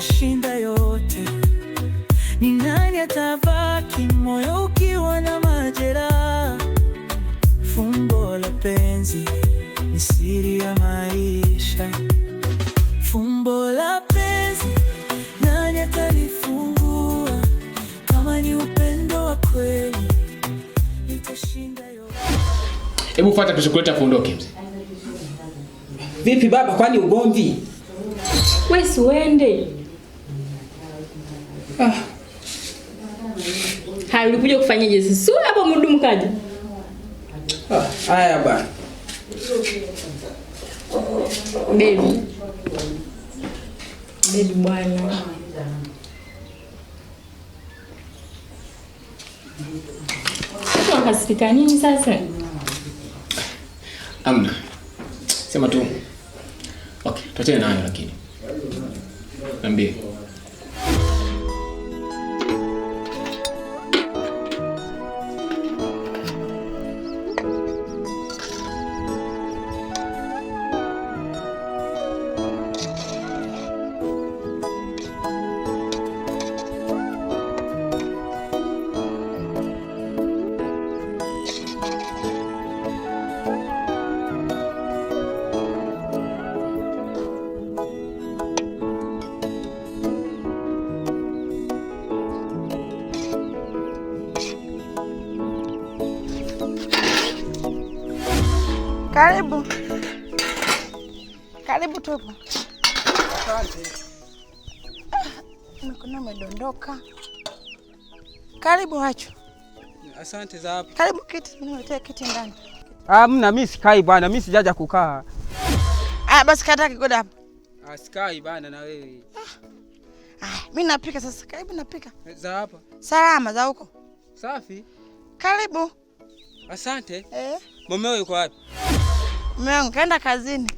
atashinda yote. Ni nani atabaki moyo ukiwa na majeraha? Fumbo la penzi ni siri ya maisha. Fumbo la penzi, nani atalifungua? Kama ni upendo wa kweli, nitashinda yote. Hebu fuata tushikuleta kuondoke mzee. Vipi baba, kwani ugomvi? Wewe uende Ah. ah. Haya, ulikuja kufanyaje sasa? Sio hapo mhudumu kaja. Ah, haya bana. Baby. Baby bwana. Sasa Wakasirika nini sasa? Amna. Sema tu. Okay, tuachane nayo lakini. Niambie. Karibu, karibu tupo. Mikono imedondoka. Karibu hacho. Asante za hapo. Karibu kiti, niletee kiti ndani. Ah, mna mimi sikai bwana, mimi sijaja kukaa. Ah, basi kata kigoda hapa. Ah, sikai bwana na wewe. Ah, ah mimi napika sasa. Karibu napika. Eh, za hapa. Salama za huko. Safi. Karibu. Asante. Eh. Mumeo yuko wapi? Mume wangu kaenda kazini.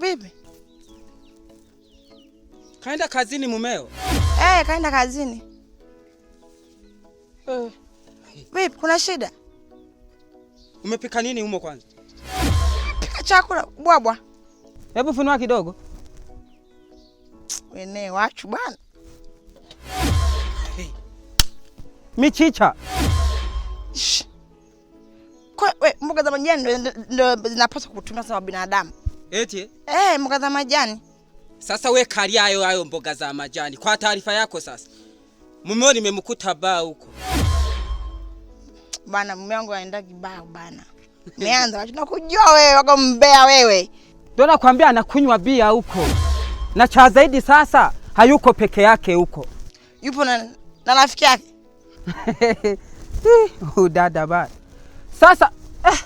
Bibi Kaenda kazini mumeo? Eh, kaenda kazini. Eh. Bibi, kuna shida? Umepika nini humo kwanza? Pika chakula bwabwa. Hebu funua kidogo. Wene wachu bwana. Hey. Michicha. Shh. Kwa we mboga za majani ndio zinapaswa kutumia sawa binadamu. Eti? Eh, mboga za majani. Sasa we kali hayo hayo mboga za majani. Kwa taarifa yako sasa. wangu nimemkuta baa huko. Bana mume wangu aendagi baa bana. Meanza tunakujua wewe wako mbea wewe. Ndio nakwambia anakunywa bia huko. Na cha zaidi sasa hayuko peke yake huko. Yupo na na rafiki yake. Dada bana. Sasa eh,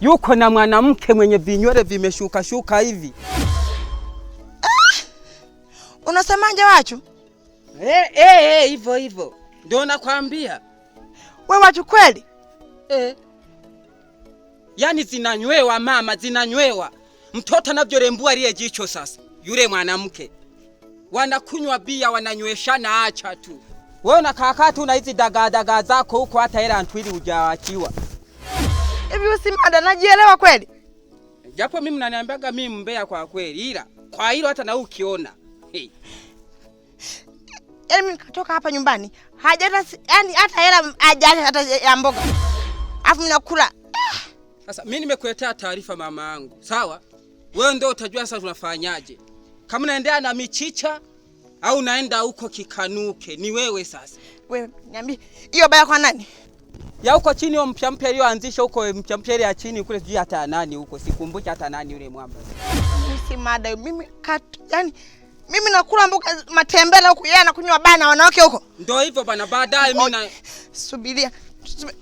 yuko na mwanamke mwenye vinywele vimeshuka shuka hivi eh. Unasemaje wachu Eh, eh, eh, hivyo ndio nakwambia we wachu kweli eh. Yaani zinanywewa mama, zinanywewa mtoto anavyorembua aliye jicho. Sasa yule mwanamke wanakunywa bia, wananyweshana, acha tu wewe na kaka tu na hizi dagadaga zako huko, hata hela ntwili hujawachiwa. Hivi wewe si mada najielewa kweli? Japo mimi naniambiaga mimi mbea kwa kweli, ila kwa hilo hata na ukiona hey. Yaani mimi nikatoka hapa nyumbani haja hata yaani hata hela haja hata ya mboga afu nakula ah! Sasa mimi nimekuletea taarifa mama yangu, sawa? Wewe ndio utajua sasa tunafanyaje, kama naendea na michicha au naenda huko kikanuke. Ni wewe sasa. Wewe niambie hiyo baya kwa nani? ya huko chini wa mpya mpya iliyoanzisha huko mpya mpya ya chini kule, sijui hata nani huko, sikumbuki hata nani yule mwamba. Sisi mada mimi kat, yani mimi nakula mboga matembele huko, yeye anakunywa bana wanawake huko. Ndio hivyo bana, baadaye mimi na subiria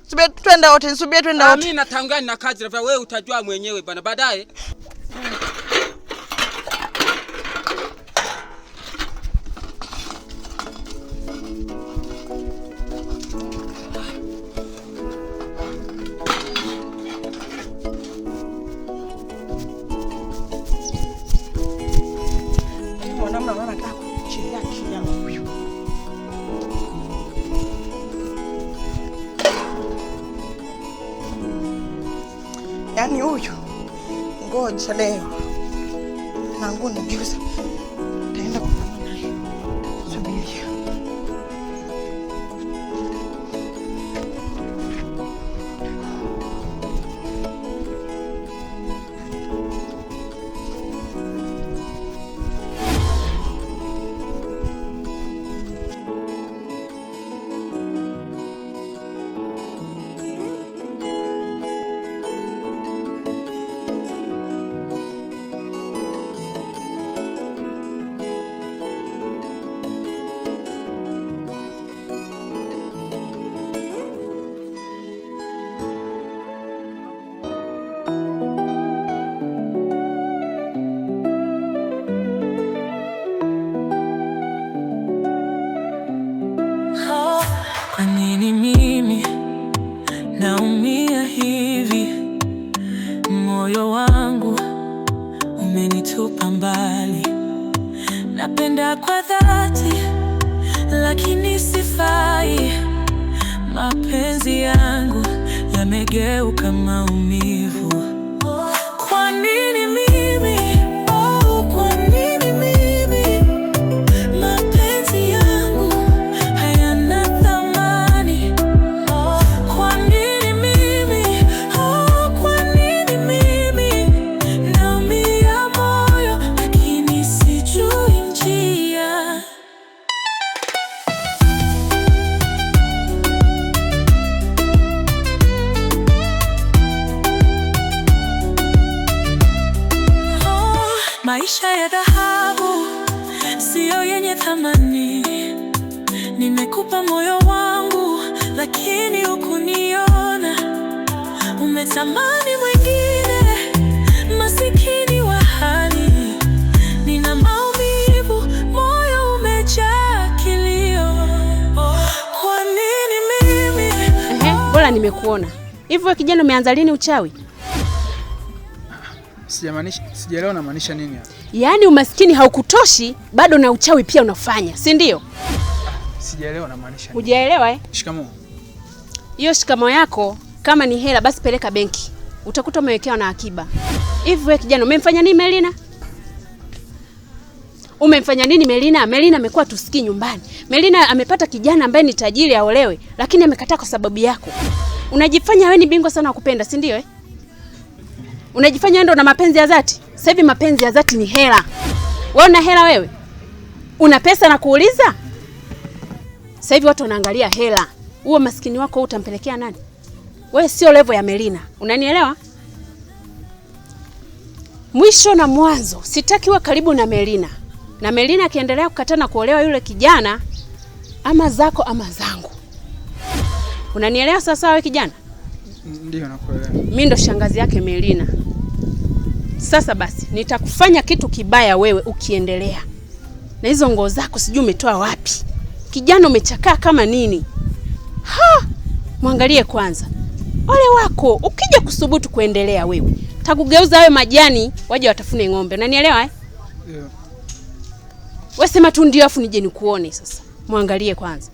Subia twenda wote, twenda ah, wote. Mimi natangani na kazi, wewe utajua mwenyewe bana baadaye. namna maana nataka kuchilia chini yangu. Yaani huyu ngoja leo nangu nijuza naumia hivi, moyo wangu umenitupa mbali. Napenda kwa dhati, lakini sifai. Mapenzi yangu yamegeuka maumivu. Umenipa moyo wangu, lakini hukuniona. Umetamani mwingine, masikini wa hali. Nina maumivu, moyo umejaa kilio. Kwa nini mimi? Bora nimekuona hivyo. Kijana, umeanza lini uchawi? Sijamaanisha, sijaelewa unamaanisha nini hapa? Yaani umaskini haukutoshi, bado na uchawi pia unafanya, si ndio? Sijaelewa na maanisha nini? Hujaelewa eh? Shikamoo. Hiyo shikamoo yako kama ni hela basi peleka benki. Utakuta umewekewa na akiba. Hivi wewe kijana umemfanya nini Melina? Umemfanya nini Melina? Melina amekuwa tusiki nyumbani. Melina amepata kijana ambaye ni tajiri aolewe, lakini amekataa kwa sababu yako. Unajifanya wewe ni bingwa sana wa kupenda, si ndio eh? Unajifanya wewe ndo na mapenzi ya dhati. Sasa hivi mapenzi ya dhati ni hela. Wewe una hela wewe? Una pesa na kuuliza? Sasa hivi watu wanaangalia hela. Huo maskini wako utampelekea nani? Wewe sio levo ya Melina, unanielewa? Mwisho na mwanzo, sitaki uwe karibu na Melina, na Melina akiendelea kukataa na kuolewa yule kijana, ama zako ama zangu. Unanielewa? Sasa wewe kijana, ndio nakuelewa. Mimi ndo shangazi yake Melina. Sasa basi, nitakufanya kitu kibaya wewe ukiendelea na hizo nguo zako, sijui umetoa wapi kijana umechakaa kama nini. Ha, mwangalie kwanza ole wako, ukija kusubutu kuendelea wewe takugeuza awe majani waje watafune ng'ombe, unanielewa eh? Yeah. Wewe sema tu ndio, afu nije nikuone sasa. Mwangalie kwanza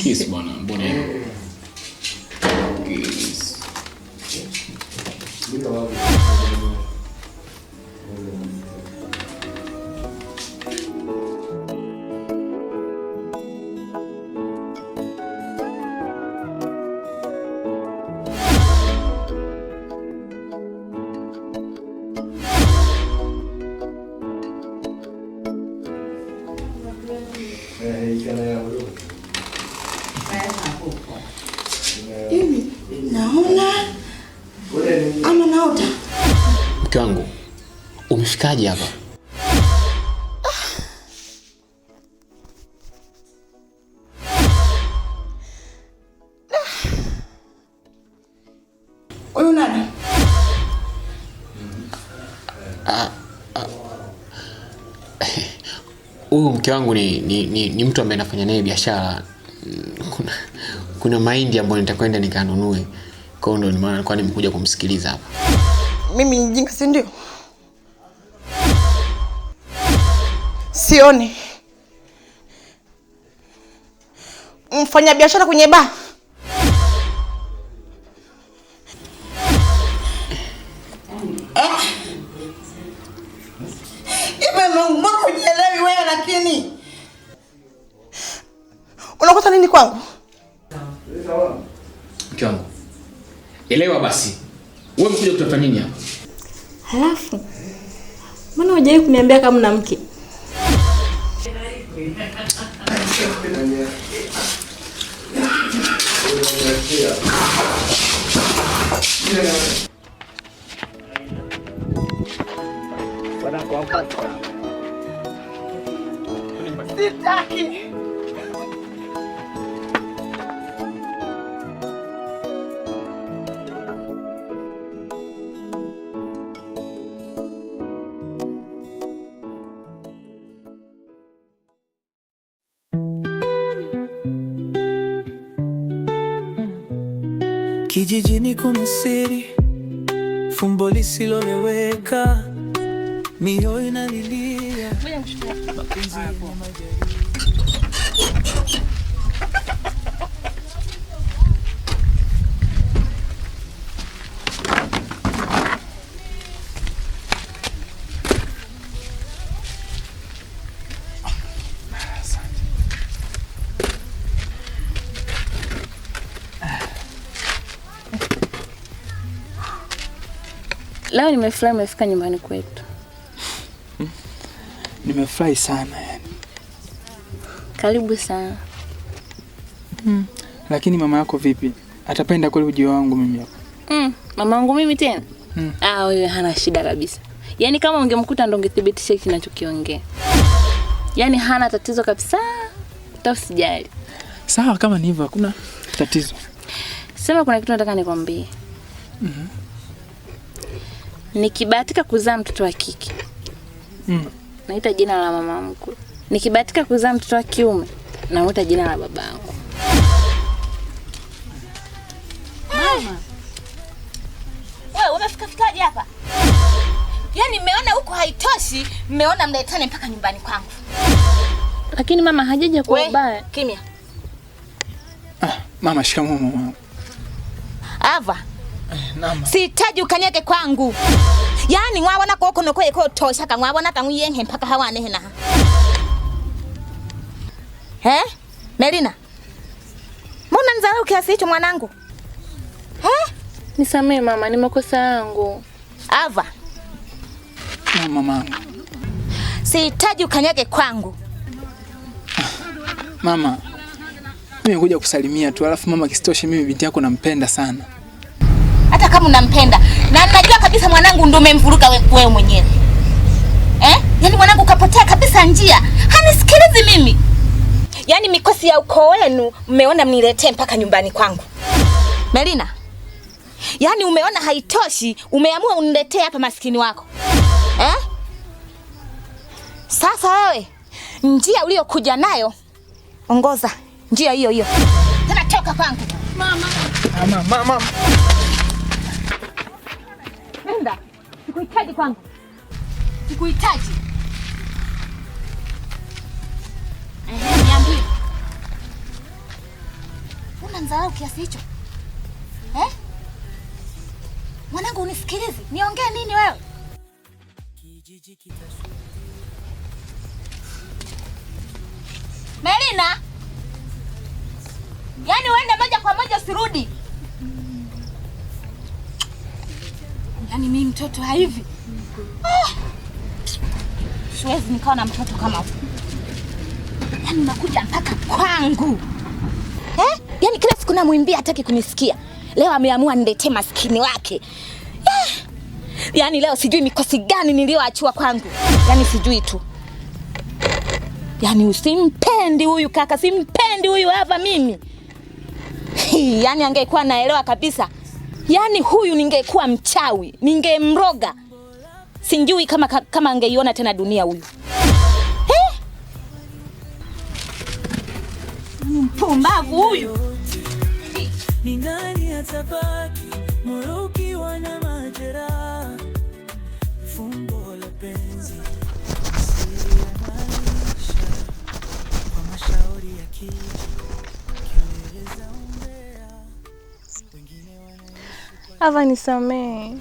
Kiss bwana, mbona ama naota. Mke wangu umefikaje hapa? Ah, ah. Huyu mke wangu ni, ni, ni, ni mtu ambaye nafanya naye biashara. Kuna, kuna mahindi ambayo nitakwenda nikanunue. Kwa hiyo ndio maana nilikuwa nimekuja kumsikiliza hapa. Mimi ni sindio si ndio? Sioni mfanyabiashara kwenye baa elewa basi. Wewe umekuja kutafuta nini hapa? Halafu mbona hujawahi kuniambia kama una mke? Sitaki. Kijijini kuna siri, fumbo lisiloeleweka, mioyo inalilia Leo nimefurahi umefika nyumbani kwetu. Nimefurahi sana yani. Karibu sana. Mm. Lakini mama yako vipi? Atapenda kweli ujio wangu mimi hapa? Mm. Mama wangu mimi tena? Mm. Ah, wewe hana shida kabisa. Yaani kama ungemkuta ndo ungethibitisha kinachokiongea. Yaani hana tatizo kabisa. Hata Sawa kama ni hivyo, hakuna tatizo. Sema kuna kitu nataka nikwambie. Mhm nikibahatika kuzaa mtoto wa kike mm. naita jina la mama mkwe. Nikibahatika kuzaa mtoto wa kiume namuita jina la babangu. Mama, wewe umefika hapa? Yaani mmeona huko haitoshi, mmeona mletane mpaka nyumbani kwangu. Lakini mama hajaja kwa ubaya. Kimya. Ah, mama shikamoo mama. Ava, sihitaji ukanyege kwangu yani mwawona goko noko yekotoshaka mwawonaga ng'wiyenkhe mpaka hawanehenaha eh? Melina mbona nizarau kiasi hicho mwanangu eh? Nisamee mama, ni makosa yangu. Ava mama, sihitaji ukanyage kwangu mama. Mimi nimekuja kusalimia tu, alafu mama, kisitoshe mimi binti yako nampenda sana hata kama unampenda, na najua kabisa mwanangu ndio umemvuruga wewe mwenyewe eh? Yaani mwanangu kapotea kabisa njia, hanisikilizi mimi. Yaani mikosi ya ukoo wenu mmeona mniletee mpaka nyumbani kwangu. Melina, yaani umeona haitoshi, umeamua uniletee hapa maskini wako eh? Sasa wewe njia uliyokuja nayo ongoza njia hiyo hiyo tena, toka kwangu mama. Mama, mama. Sikuhitaji kwangu, sikuhitaji. Ehe, niambie, una mzalau kiasi hicho eh? Mwanangu, unisikilize, niongee nini wewe? Melina, yaani uende moja kwa moja usirudi. yani mimi mtoto haivi ah, siwezi nikawa na mtoto kama huyu. Yani unakuja mpaka kwangu eh? Yani kila siku namwimbia hataki kunisikia, leo ameamua niletee maskini wake eh. Yani leo sijui mikosi gani niliyoachiwa kwangu, yani sijui tu yani usimpendi huyu kaka, simpendi huyu hava mimi. yani angekuwa naelewa kabisa Yaani huyu ningekuwa mchawi ningemroga, sijui kama, kama angeiona tena dunia huyu eh? Mpumbavu huyu ni nani atabaki moroki wana majeraha, fumbo la penzi Ava, nisamee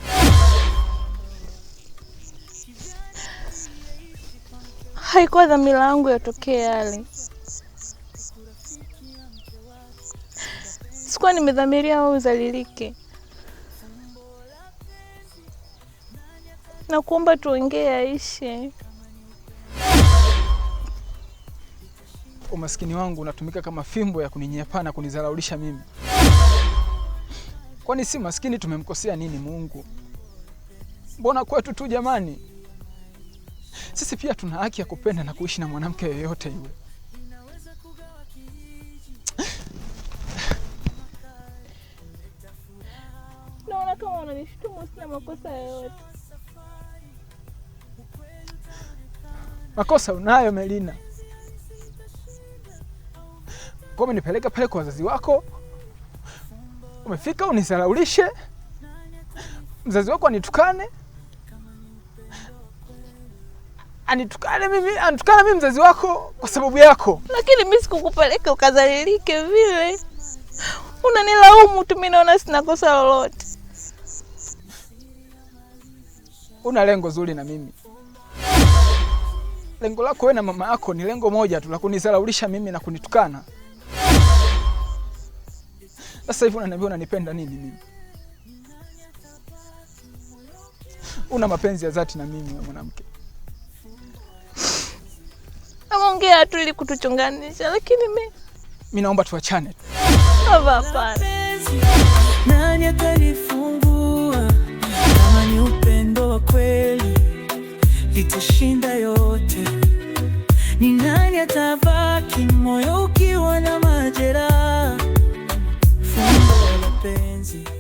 Haikuwa dhamira yangu yatokee yale. Sikuwa nimedhamiria wewe uzalilike, na kuomba tuongee yaishe. Umaskini wangu unatumika kama fimbo ya kuninyapaa na kunizalaulisha mimi. Kwani si maskini, tumemkosea nini Mungu? Mbona kwetu tu jamani? Sisi pia tuna haki ya kupenda na kuishi na mwanamke yeyote yule. Naona kama wananishtumu, sina makosa yoyote. Makosa unayo Melina. Kwa nipeleka pale kwa wazazi wako Umefika unisalaulishe, mzazi wako anitukane, anitukane mimi, anitukana mimi mzazi wako kwa sababu yako. Lakini mimi sikukupeleka ukazalilike vile, unanilaumu tu. Mimi naona sina kosa lolote. Una lengo zuri na mimi lengo lako wewe na mama yako ni lengo moja tu la kunisalaulisha mimi na kunitukana. Sasa hivi unaniambia unanipenda nini mimi? Una mapenzi ya dhati na mimi wewe mwanamke? Naongea tu ili kutuchunganisha, lakini mimi mimi naomba tuachane tu. Hapana. Nani atanifungua kama ni upendo wa kweli litashinda yote? Ni nani atabaki moyo frenzy.